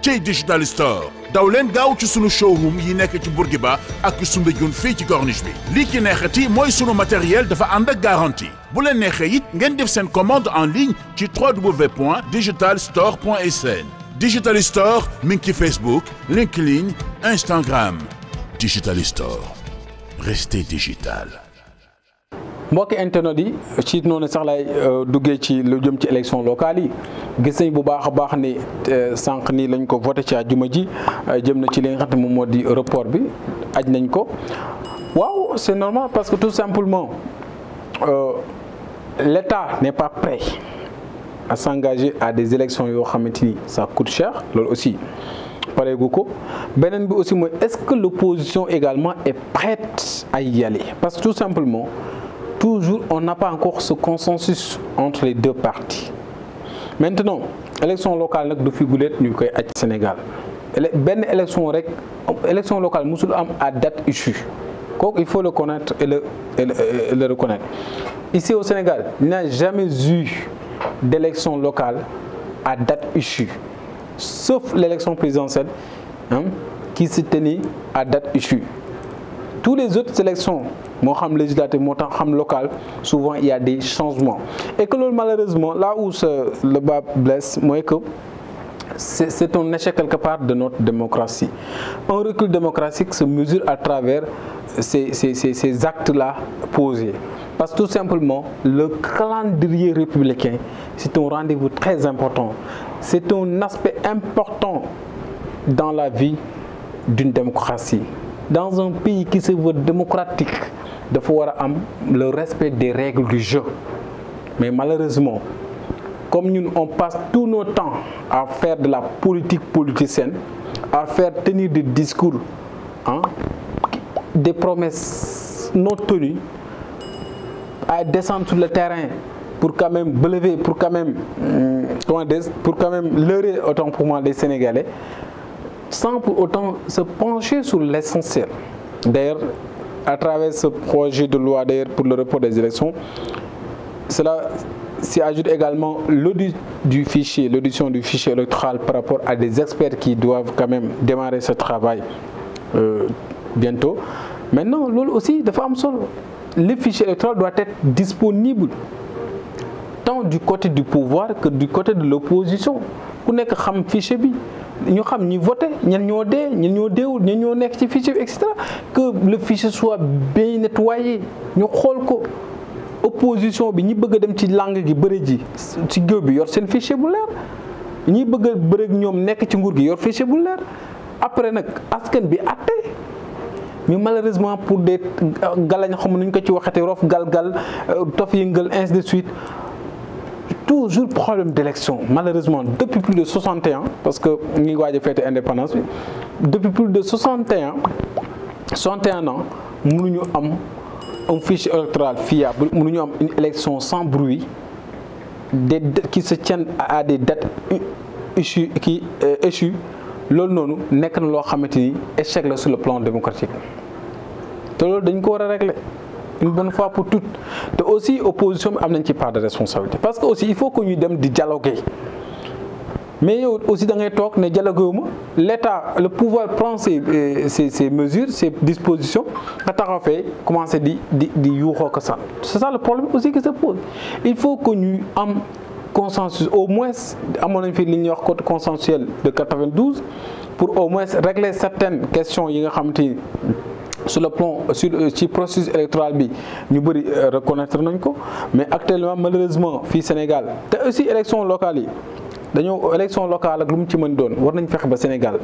ci digital store daw leen gaaw ci sunu showroom yi nekk ci Bourguiba ak Soumbédioune fii ci corniche bi lii ci ti mooy sunu matériel dafa ànd ak garantie bu leen neexee it ngeen def seen commande en ligne ci www.digitalstore.sn digital store mi ngi ci Facebook LinkedIn Instagram digital store restez digital. mbokki internet yi ci noonu sax lay euh, duggee ci lu jëm ci élection locale gis nañ bu baax a baax ni sànq nii lañ ko voté ci àjjuma ji euh, jëm na ci li xam ne moom moo di report bi aj nañ ko waaw c'est normal parce que tout simplement euh, l'État n'est pas prêt a s'engager à des élections yoo xamante ni ça coûte cher loolu aussi pareegu ko beneen bi aussi mooy est-ce que l'opposition également est prête à y aller parce que tout simplement toujours on n'a pas encore ce consensus entre les deux parties maintenant élection locale nag du fi guléet ñu koy aj Sénégal benn élection rek élection locale musul am à date issue kooku il faut le connaître et le et le, et reconnaître ici au Sénégal il n'y a jamais eu d'élection locale à date issue sauf l'élection présidentielle hein, qui s'est tenue à date issue tous les autres élections moo xam législative moo tax xam local souvent il y a des changements et que loolu malheureusement là où le bas blesse mooy que c'est un échec quelque part de notre démocratie. Un recul démocratique se mesure à travers ces, ces, ces, ces actes-là posés. Parce que tout simplement, le calendrier républicain, c'est un rendez-vous très important. C'est un aspect important dans la vie d'une démocratie. dans un pays qui se veut démocratique dafa war a am le respect des règles du jeu mais malheureusement comme ñun on passe tout nos temps à faire de la politique politicienne à faire tenir des discours ah des promesses non tenues à descendre sur le terrain pour quand même belever pour quand même hmm, comment dire pour quand même leurrer autant pour moi les Sénégalais sans pour autant se pencher sur l'essentiel. D'ailleurs, à travers ce projet de loi d'ailleurs pour le report des élections, cela s'y ajoute également l'audit du fichier, l'audition du fichier électoral par rapport à des experts qui doivent quand même démarrer ce travail euh, bientôt. Maintenant, loolu aussi dafa am solo le fichier électoral doit être disponible tant du côté du pouvoir que du côté de l'opposition ku nekk xam fichier bi ñu xam ñi voté ñen ñoo dee ñen ñoo deewul ñen ñoo nekk ci fichier bi et cetera que le fichier soit bien nettoyé ñu xool ko opposition bi ñi bëgg a dem ci langue gi bëri ji ci géew bi yor seen fichier bu leer ñi bëgg a ñoom nekk ci nguur gi yor fichier bu leer après nag askan bi atte ñu malheureusement pour de euh, galañ xamu nuñ ko ci waxate roof gal gal euh, tof yëngal ainsi de suite toujours problème d'élection malheureusement depuis plus de 61 parce que ñu ngi waaj a fête indépendance bi depuis plus de 61 61 ans mënuñu am un fiche électoral fiable mënuñu am une élection sans bruit des qui se tiennent à des dates échues qui euh, échues loolu noonu nekk na loo xamante ni échec la sur le plan démocratique te loolu dañ ko war a régler une bonne fois pour toutes te aussi opposition bi am nañ ci part de responsabilité parce que aussi il faut que ñu dem di dialoguer mais yow aussi da ngay toog ne dialogué wu ma l' état le pouvoir prend ses euh, ses ses mesures ses dispositions nga taxaw fee commencé di di di yuuxoo ko sax c' est ça le problème aussi que se pose il faut que ñu am consensus au moins amoon nañ fi li ñuy wax code consensuel de 92 pour au moins régler certaines questions yi nga xam te su le plan sur euh, ci processus électoral bi ñu bëri euh, reconnaître nañ ko mais actuellement malheureusement fii Sénégal te aussi élection locale yi dañoo élection locale ak lu mu ci mën doon war nañ fexe ba Sénégal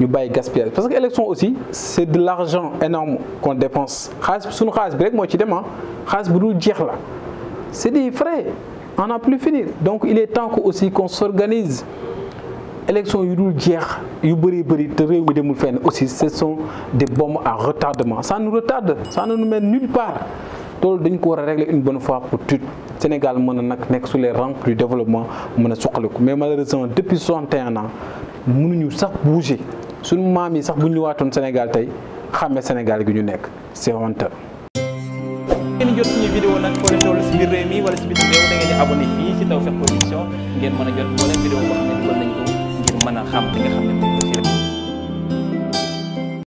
ñu bàyyi gaspillage parce que élection aussi c' est de l' argent énorme qu'on dépense xaalis suñu xaalis bi rek moo ci dem ah. xaalis bu dul jeex la c' est des frais on n'a plus fini donc il est temps que aussi qu'on s'organise élection yu dul jeex yu bëri bëri te réew mi demul fenn aussi ce de des bombes à retardement ça nous retarde ça ne nous mène nulle part loolu dañ ko war a régler une bonne fois pour toutes Sénégal mën na nag nekk sur les rangs du développement mën a suqaliku mais malheureusement depuis 61 ans mënuñu sax bouger suñu maam yi sax bu ñu waatoon Sénégal tey xàmmee Sénégal gi ñu nekk c'est honteux. suñu vidéo nag foo leen toll si biir réew mi wala si biir réew da ngeen di abonné mën a jot moo mën a xam li nga xam ne